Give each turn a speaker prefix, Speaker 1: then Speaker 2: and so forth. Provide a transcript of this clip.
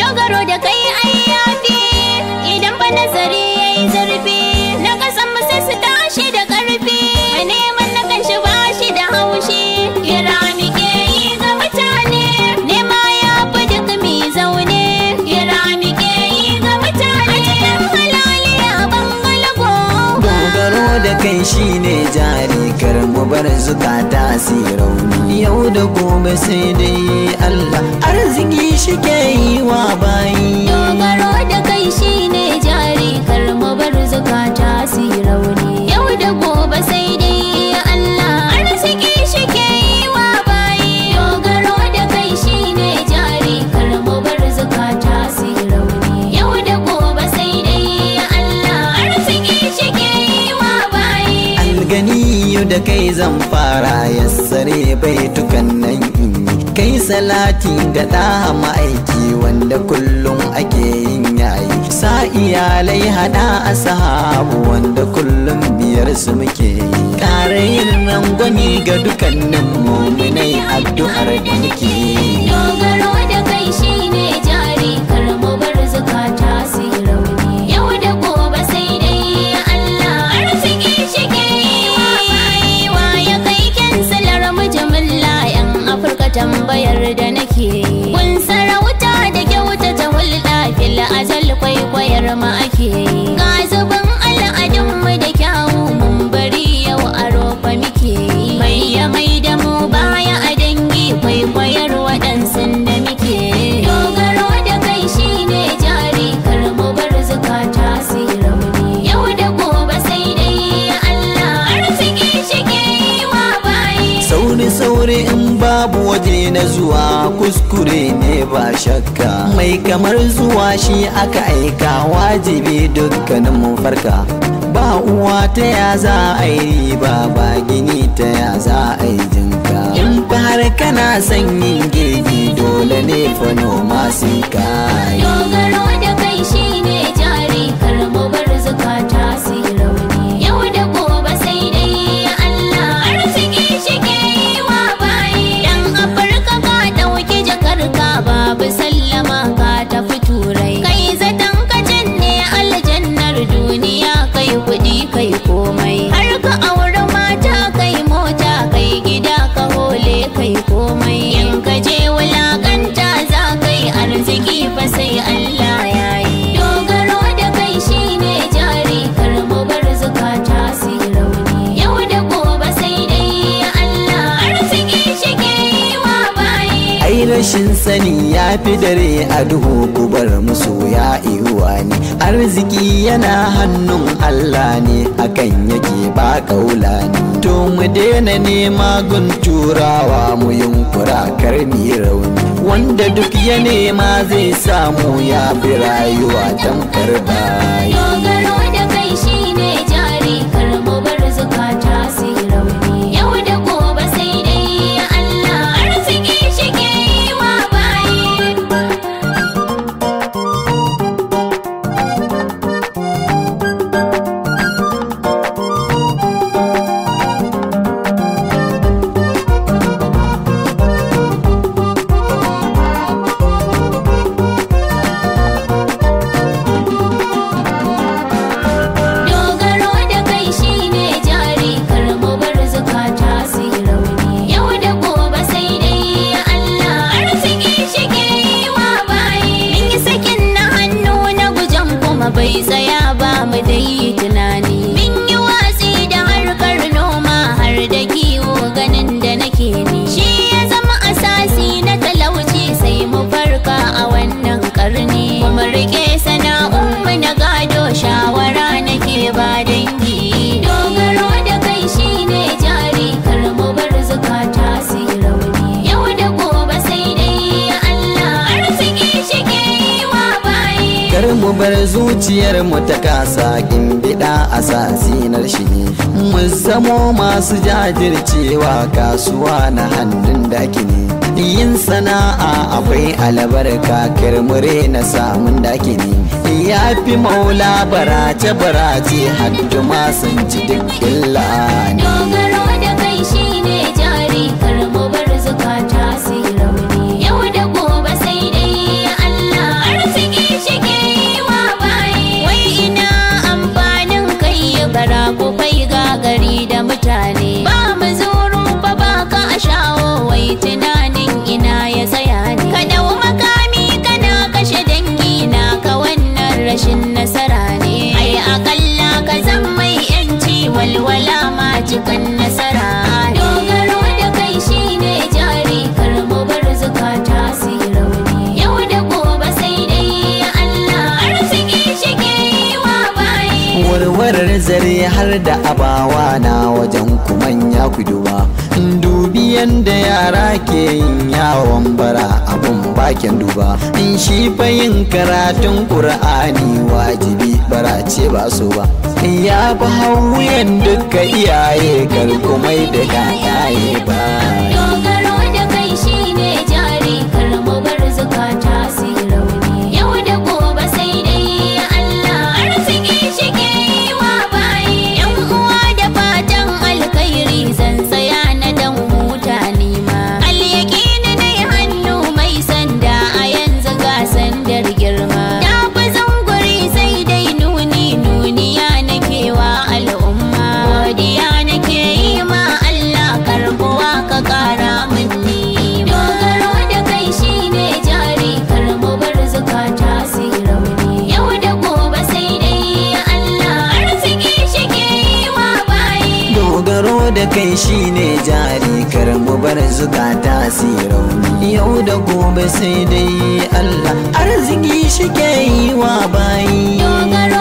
Speaker 1: Dogaro da kai ayyafi idan ba na
Speaker 2: kai ne jari kar mu bar ta su rauni yau da gobe sai dai Allah arziki shi ke yi wa bayi dogaro da kai shi ne jari kar
Speaker 1: mu bar ta su rauni
Speaker 2: kai zan fara bai baitukan nan kai salati ga ɗaha ma'aiki wanda kullum ake yin yayi sa iyalai haɗa a sahabu wanda kullum biyar su muke yi ƙara yin rangwani ga dukannin muminai addu'ar da muke yi babu waje na zuwa kuskure ne ba shakka mai kamar zuwa shi aka aika wajibi dukkanin mu farka ba uwa ta ya za a yi riba ba gini ta ya za a yi jinka in fara kana son yin girki dole ne fa noma sika up inside. rashin sani ya fi dare a duhu kubar musu ya iwa ne arziki yana hannun Allah ne akan yake ba kaula ne to mu daina nema gun turawa mu yunkura kar mi rauni wanda duk ya nema zai samu ya fi rayuwa tamkar baya. eating bar zuciyar mu ta kasa gindida a sasinar shi mu zamo masu jajircewa kasuwa na hannun daki ne yin sana'a akwai albarka kirmure na samun daki ne ya fi maula barace barace hajjuma sun ci duk illa ne zare har da abawa na wajen kumanya kuduwa dubi yanda yara ke yin yawon bara abun bakin duba in shi yin karatun ƙur'ani wajibi bara ce ba so ba ya fi hauyen duka iyaye kar da ya ba Yau da kai shi ne jari karmu bar zukata su Yau da gobe sai dai Allah arziki shi ke yi wa bayi